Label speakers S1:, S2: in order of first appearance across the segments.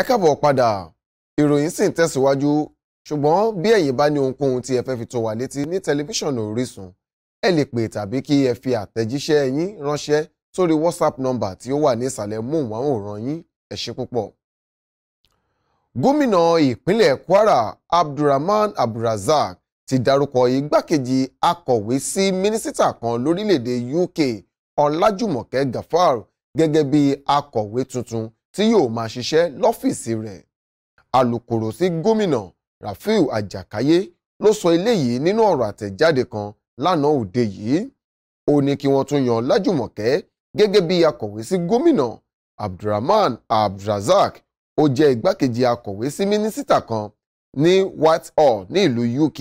S1: ẹ káàbọ̀ padà ìròyìn sì ń tẹ̀síwájú ṣùgbọ́n bí ẹ̀yin bá ní ohunkóhun tí ẹ fẹ́ fi tó wa létí ní tẹlifíṣàn Orísun ẹ lè pè tàbí kí ẹ fi àtẹ̀jíṣẹ́ yín ránṣẹ́ sórí WhatsApp nọ́mbà tí ó wà ní ìsàlẹ̀ móhùnmáwòrán yín ẹ ṣé púpọ̀. gómìnà ìpínlẹ̀ Kwara Abdulrahman Abdulrazak ti dárúkọ igbákejì akọ̀wé sí mínísítà kan lórílẹ̀‐èdè UK Ọlájùmọ̀kẹ́ Gafar gẹ́gẹ́ bí akọ̀wé tuntun tí yóò máa ṣiṣẹ́ lọ́fíìsì rẹ̀ alukoro sí gómìnà Rafiu Ajakaye, ló sọ eléyìí nínú ọ̀rọ̀ àtẹ̀jáde kan lánàá òde yìí ó ní kí wọ́n tún yan Lájùmọ̀kẹ́ gẹ́gẹ́ bí akọ̀wé sí gómìnà Abdulrahman Abdulrazak ó jẹ́ igbákejì akọ̀wé sí mínísítà kan ní Whitehall ní ìlú UK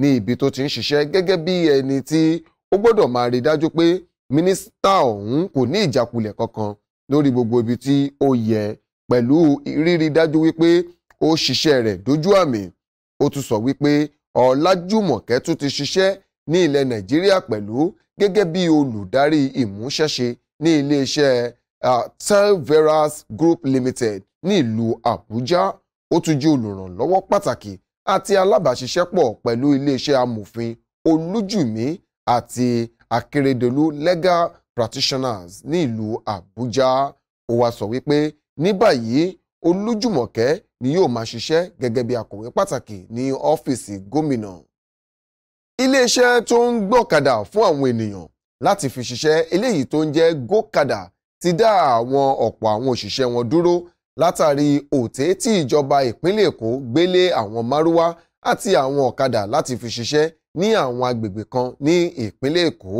S1: ní ibi tó ti ń ṣiṣẹ́ gẹ́gẹ́ bí ẹni tí ó gbọ́dọ̀ máa rí dájú pé mínísítà ọ̀hún kò ní ìjákulẹ̀ kankan lórí gbogbo ibi tí ó yẹ pẹ̀lú rírí dájú wípé ó ṣiṣẹ́ rẹ̀ dójú àmì ó tún sọ wípé Ọlájùmọ̀kẹ́ tún ti ṣiṣẹ́ ní ilẹ̀ Nàìjíríà pẹ̀lú gẹ́gẹ́ bí olùdarí ìmúṣẹ́ṣe ní iléeṣẹ́ Telveras Group Limited ní ìlú Àbújá ó tún jẹ́ olùrànlọ́wọ́ pàtàkì àti alábàáṣiṣẹ́pọ̀ pẹ̀lú iléeṣẹ́ amòfin Olújùmí àti Akérédolú Legal practitioners ní ìlú abuja, ó wá sọ wípé ní báyìí Olújùmọ̀kẹ́ ni yóò máa ṣiṣẹ́ gẹ́gẹ́ bí akọ̀wé pàtàkì ní ọ́fíìsì gómìnà iléeṣẹ́ tó ń gbọ́kadà fún àwọn ènìyàn láti fi ṣiṣẹ́ eléyìí tó ń jẹ́ gókadà ti dá àwọn ọ̀pọ̀ àwọn òṣìṣẹ́ wọn dúró látàrí òté tí ìjọba ìpínlẹ̀ Èkó gbélé àwọn márúwá àti àwọn ọ̀kadà láti fi ṣiṣẹ́ ní àwọn agbègbè kan ní ìpínlẹ̀ Èkó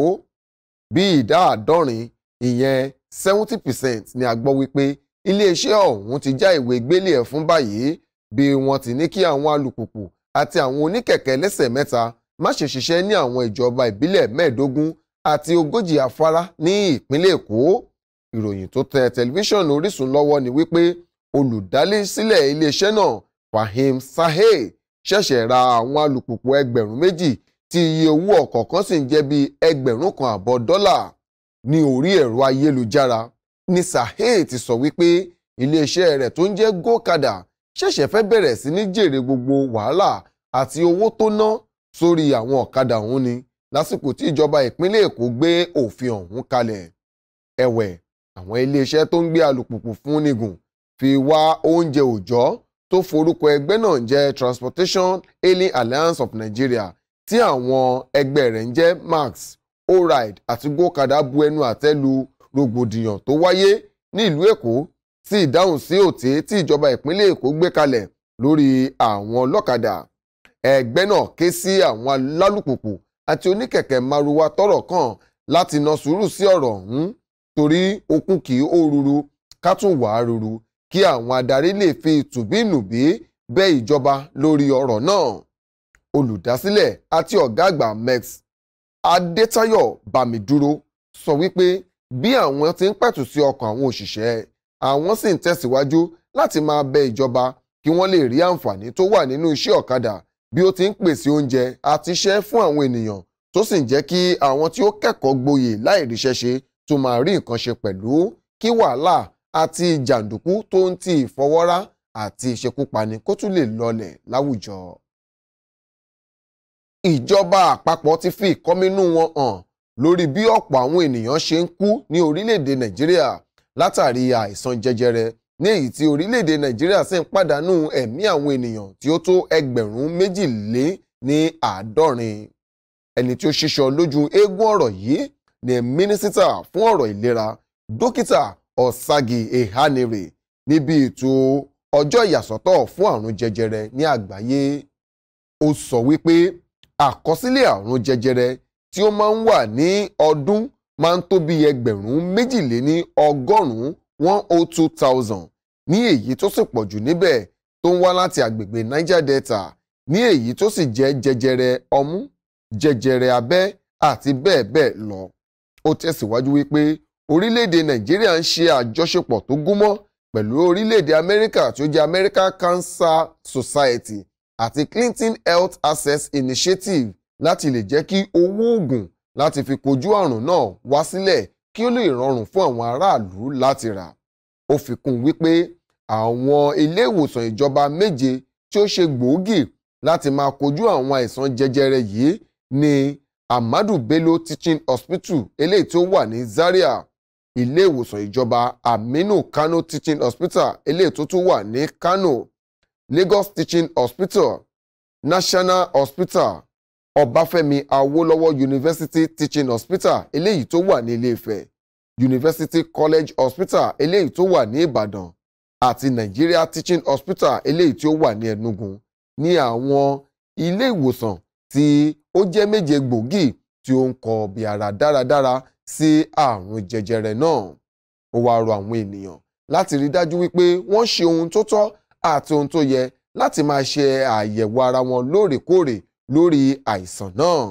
S1: bí ìdá àádọ́rin ìyẹn seventy percent ni a gbọ́ wípé iléeṣẹ́ ọ̀hún ti já ìwé gbélé ẹ̀ fún báyìí bí wọ́n ti ní kí àwọn alùpùpù àti àwọn oníkẹ̀kẹ́ lẹ́sẹ̀ mẹ́ta má ṣe ṣiṣẹ́ ní àwọn ìjọba ìbílẹ̀ mẹ́ẹ̀ẹ́dógún àti ogójì afárá ní ìpínlẹ̀ Èkó ìròyìn tó tẹ tẹlifíṣàn Orísun lọ́wọ́ ni wípé olùdálẹ́sílẹ̀ iléeṣẹ́ náà Fahim Sahel ṣẹ̀ṣẹ̀ ra àwọn alùpùpù ẹgbẹ̀rún méjì tí iye owó ọ̀kọ̀ọ̀kan sì ń jẹ́ bí ẹgbẹ̀rún kan àbọ̀ dọ́là ní orí ẹ̀rọ ayélujára ni Sahel ti sọ wípé iléeṣẹ́ rẹ̀ tó ń jẹ́ gokada ṣẹ̀ṣẹ̀ fẹ́ bẹ̀rẹ̀ sí ní jèrè gbogbo wàhálà àti owó tó ná sórí àwọn ọ̀kadà ọ̀hún ni lásìkò tí ìjọba ìpínlẹ̀ Èkó gbé òfin ọ̀hún kalẹ̀ ẹ̀wẹ̀ àwọn iléeṣẹ́ tó ń gbé alùpùpù fún nígùn fi wá oúnjẹ òòjọ́ tó forúkọ ẹgbẹ́ náà jẹ́ Transportation Hailing Alliance of Nigeria tí àwọn ẹgbẹ́ rẹ̀ ń jẹ́ Max Oride àti Gokada bu ẹnu àtẹ́ lu rògbòdìyàn tó wáyé ní ìlú Èkó sí ìdáhùn sí òté tí ìjọba ìpínlẹ̀ Èkó gbé kalẹ̀ lórí àwọn ọlọ́kadà ẹgbẹ́ náà ké sí àwọn alálùpùpù àti oníkẹ̀kẹ́ maruwa tọ́rọ̀ kàn láti na sùúrù sí ọ̀rọ̀ ọ̀hún torí okùn kì í ó ruru ká tún wàá ruru kí àwọn adarí lè fi ìtùbínùbí bẹ ìjọba lórí ọ̀rọ̀ náà olùdásílẹ̀ àti ọ̀gá àgbà mex adétayọ̀ bámidúró sọ wípé bí àwọn ti ń pẹ̀tù sí ọkàn àwọn òṣìṣẹ́ àwọn sì ń tẹ̀síwájú láti máa bẹ ìjọba kí wọ́n lè rí àǹfààní tó wà nínú iṣẹ́ ọ̀kadà bí ó ti ń pèsè oúnjẹ àti iṣẹ́ fún àwọn ènìyàn tó sì ń jẹ́ kí àwọn tí ó kẹ́kọ̀ọ́ gboyè láìríṣẹ́ ṣe tó máa rí nǹkan ṣe pẹ̀lú kí wàhálà àti jàǹdùkú tó ń ti ìfọwọ́rá àti ìṣekúpani kó tún lè lọlẹ̀ láwùjọ ìjọba àpapọ̀ ti fi ìkọminú wọn hàn lórí bí ọ̀pọ̀ àwọn ènìyàn ṣe ń kú ní orílẹ̀-èdè nàìjíríà látàrí àìsàn jẹjẹrẹ ní èyí tí orílẹ̀-èdè nàìjíríà sì ń pàdánù ẹ̀mí àwọn ènìyàn tí ó tó ẹgbẹ̀rún méjìlé ní àádọ́rin ẹni tí ó ṣíṣọ lójú eégún ọ̀rọ̀ yìí ni mínísítà fún ọ̀rọ̀ ìlera dókítà ọ̀sàgì ehanire níbi ètò ọjọ́ ìyàsọ́tọ̀ fún àrùn jẹjẹrẹ ní àgbáyé ó sọ wípé àkọsílẹ̀ àrùn jẹjẹrẹ tí ó máa ń wà ní ọdún máa ń tó bí ẹgbẹ̀rún méjìléní ọgọ́rùn-ún one oh two thousand ní èyí tó sì pọ̀ jù níbẹ̀ tó ń wá láti àgbègbè Niger Delta ní èyí tó sì jẹ́ jẹjẹrẹ ọmú jẹjẹrẹ abẹ́ àti bẹ́ẹ̀ bẹ́ẹ̀ lọ. ó tẹ̀síwájú wípé orílẹ̀-èdè Nàìjíríà ń ṣe àjọṣepọ̀ tó gúnmọ́ pẹ̀lú orílẹ̀-èdè Amẹ́ríkà tí ó jẹ́ American Cancer Society àti Clinton Health Access Initiative láti lè jẹ́ kí owó oògùn láti fi kojú àrùn náà wá sílẹ̀ kí ó lè rọrùn fún àwọn aráàlú láti rà. Ó fi kún wípé àwọn ilé ìwòsàn ìjọba méje tí ó ṣe gbòógì láti máa kojú àwọn àìsàn jẹjẹrẹ yìí ni Ahmadu Bello Teaching Hospital eléyìí tí ó wà ní Zaria ilé ìwòsàn ìjọba Aminu Kano Teaching Hospital eléyìí tó tún wà ní Kano Lagos Teaching Hospital National Hospital Ọbáfẹ́mi Awolowo University Teaching Hospital eléyìí tó wà ní ilé University College Hospital eléyìí tó wà ní Ìbàdàn àti Nigeria Teaching Hospital eléyìí tí ó wà ní Enugu ní àwọn ilé ìwòsàn tí ó jẹ́ méje gbòógì tí ó ń kọ bí ara dáradára sí àrùn jẹjẹrẹ náà ó wáá rọ àwọn ènìyàn láti rí dájú wípé wọ́n ṣe ohun tó tọ́ àti ohun tó yẹ láti máa ṣe àyẹ̀wò ara wọn lóòrèkóòrè lórí àìsàn náà.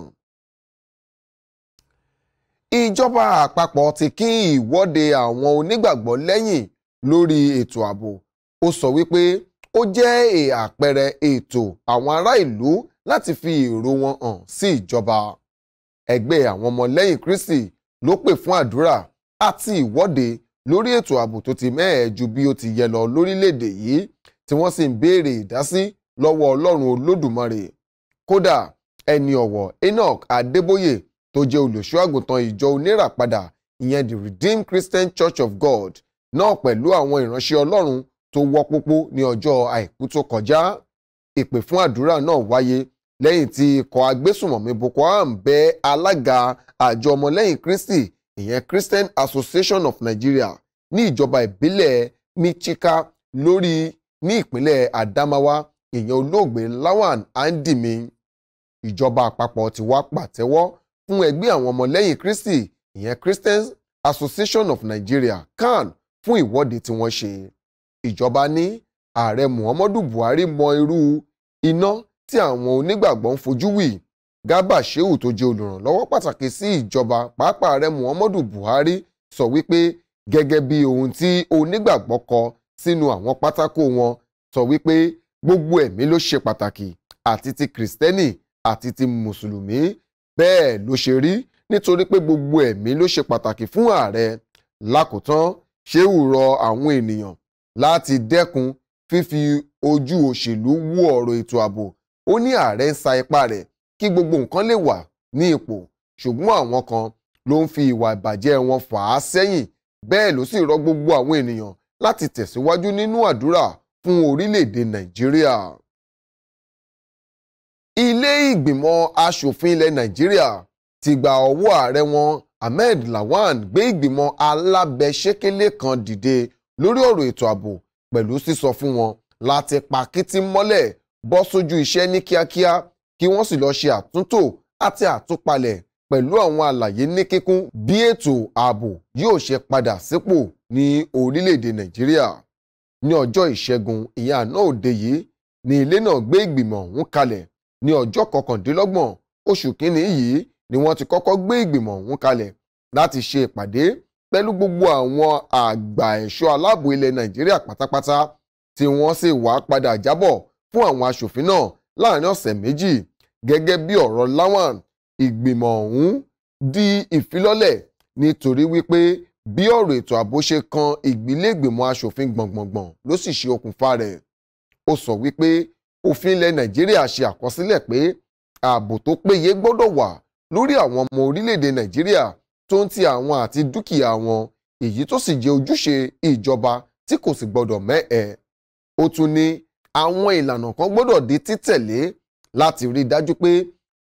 S1: ìjọba àpapọ̀ ti kín ìwọ́de àwọn onígbàgbọ́ lẹ́yìn lórí ètò ààbò ó sọ wípé ó jẹ́ àpẹẹrẹ ètò àwọn ará ìlú láti fi èrò wọn hàn sí ìjọba ẹgbẹ́ àwọn ọmọlẹ́yìn Kristi ló pè fún àdúrà àti ìwọ́de lórí ètò ààbò tó ti mẹ́ẹ̀ẹ́ ju bí ó ti yẹ lọ lórílẹ̀‐èdè yìí tí wọ́n sì ń béèrè ìdásí lọ́wọ́ ọlọ́run olódùmarè kódà ẹni ọ̀wọ̀ enoch adébóyè tó jẹ́ olùṣọ́ àgùntàn ìjọ oníràpadà ìyẹn the redeemed christian church of god náà pẹ̀lú àwọn ìránṣẹ́ ọlọ́run tó wọ́ pópó ní ọjọ́ àìkú tó kọjá ìpè fún àdúrà náà wáyé lẹ́yìn tí ikọ̀ agbésùmọ̀mí boko haram bẹ alága àjọ ọmọlẹ́yìn kristi ìyẹn christian association of nigeria ní ìjọba ìbílẹ̀ michika lórí ní ìpínlẹ̀ Adamawa èèyàn olóògbé Lawan Andimi ìjọba àpapọ̀ ti wá pàtẹ́wọ́ fún ẹgbẹ́ àwọn ọmọlẹ́yìn Kristi ìyẹn Christian Association of Nigeria CAN fún ìwọ́de tí wọ́n ṣe ìjọba ní ààrẹ Muhammadu Buhari mọ irú iná tí àwọn onígbàgbọ́ ń fojú wì Garba Shehu tó jẹ́ olùrànlọ́wọ́ pàtàkì sí ìjọba pàápàá ààrẹ Muhammadu Buhari sọ wípé gẹ́gẹ́ bí ohun tí onígbàgbọ́ kọ sínú àwọn pátákó wọn sọ wípé gbogbo ẹ̀mí ló ṣe pàtàkì àti ti kìrìsìtẹ́nì àti ti mùsùlùmí bẹ́ẹ̀ ló ṣe rí nítorí pé gbogbo ẹ̀mí ló ṣe pàtàkì fún ààrẹ lákòótán ṣéwù rọ àwọn ènìyàn láti dẹ́kun fífi ojú òṣèlú wú ọ̀rọ̀ ètò ààbò ó ní ààrẹ ń sa ipá rẹ̀ kí gbogbo nǹkan lè wà ní ipò ṣùgbọ́n àwọn kan ló ń fi ìwà ìbàjẹ́ wọn fà á sẹ́yìn bẹ́ẹ̀ ló sì rọ gbogbo àwọn ènìyàn láti tẹ̀síwájú nínú àdúrà fún orílẹ̀-èdè nàìjíríà. ilé ìgbìmọ̀ asòfin ilẹ̀ nàìjíríà ti gba ọwọ́ ààrẹ wọn ahmed lawan gbé ìgbìmọ̀ alábẹ́sẹ́kẹ́lé kan dìde lórí ọ̀rọ̀ ètò ààbò pẹ̀lú sísọ fún wọn láti pa kìtì mọ́lẹ̀ bọ́ sójú iṣẹ́ ní kíákíá kí wọ́n sì lọ ṣe àtúntò àti àtúpalẹ̀ pẹ̀lú àwọn àlàyé ní kíkún bí ètò ààbò yóò ṣe padà sípò ní orílẹ̀-èdè nàìjíríà ní ọjọ́ ìṣẹ́gun ìyẹn àná òde yìí ní ilé náà gbé ìgbìmọ̀ ọ̀hún kalẹ̀ ní ọjọ́ kọkàndínlọ́gbọ̀n oṣù kínní yìí ni wọ́n ti kọ́kọ́ gbé ìgbìmọ̀ ọ̀hún kalẹ̀ láti ṣe ìpàdé pẹ̀lú gbogbo àwọn àgbà ẹ̀ṣọ́ aláàbò ilẹ̀ nàìjíríà pátápátá tí wọ́n sì wá padà jábọ̀ fún àwọn aṣòfin náà láàrin ọ̀sẹ̀ méjì gẹ́gẹ́ bí ọ̀rọ̀ Lawan ìgbìmọ̀ ọ̀hún di ìfilọ́lẹ̀ nítorí wípé bí ọ̀rọ̀ ètò ààbò ṣe kan ìgbìlẹ̀gbìmọ̀ asòfin gbọ̀ngbọ̀ngbọ̀n ló sì ṣe okùnfà rẹ̀ ó sọ wípé òfin ilẹ̀ nàìjíríà ṣe àkọsílẹ̀ pé ààbò tó péye gbọ́dọ̀ wà lórí àwọn ọmọ orílẹ̀-èdè nàìjíríà tó ń ti àwọn àti dúkìá wọn èyí tó sì jẹ́ ojúṣe ìjọba tí kò sì gbọ́dọ̀ mẹ́ẹ̀ ó tún ní àwọn ìlànà kan gbọ́dọ̀ di títẹ̀lé láti rí dájú pé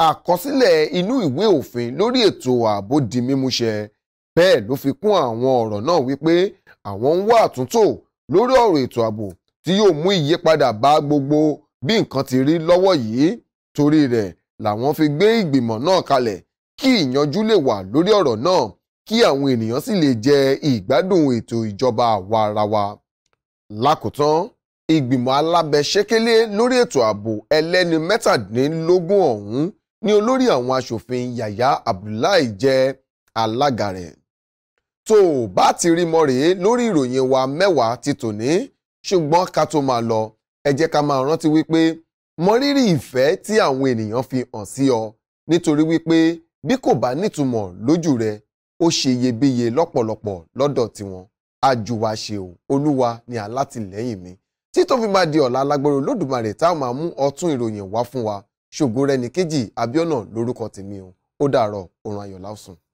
S1: àkọsílẹ̀ inú ìwé òfin lórí ètò ààbò di mímúṣẹ bẹ́ẹ̀ ló fi kún àwọn ọ̀rọ̀ náà wípé àwọn ń wá àtúntò lórí ọ̀rọ̀ ètò ààbò tí yóò mú ìyípadà bá gbogbo bí nǹkan ti rí lọ́wọ́ yìí torí rẹ̀ làwọn fi gbé ìgbìmọ̀ náà kalẹ̀ kí ìyanjú lè wà lórí ọ̀rọ̀ náà kí àwọn ènìyàn sì lè jẹ ìgbádùn ètò ìjọba àwarawa. lákòótán ìgbìmọ̀ alábẹ́sẹ́kẹ́lé lórí ètò ààbò ẹlẹ́ni mẹ́tàdínlógún ọ̀hún ni olórí àwọn aṣòfin Yahya Abdullahi jẹ́ alága rẹ̀ tó o bá ti rí mọ rèé lórí ìròyìn wa mẹ́wàá ti tòní ṣùgbọ́n ká tó máa lọ ẹ jẹ́ ká máa rántí wípé mọrírì ìfẹ́ tí àwọn ènìyàn fi hàn sí ọ nítorí wípé bí kò bá nítumọ̀ lójú rẹ ó ṣe iyebíye lọ́pọ̀lọpọ̀ lọ́dọ̀ tiwọn àjùwà ṣe o olúwa ni alátìlẹ́yìn mi tí tó fi máa di ọ̀la alágbóró lódùmarè táwọn máa mú ọtún ìròyìn wá fún wa ṣògo rẹni kejì abiona lórúkọ tèmi o ó dàárọ̀ òrùn ayọ̀ lásùn.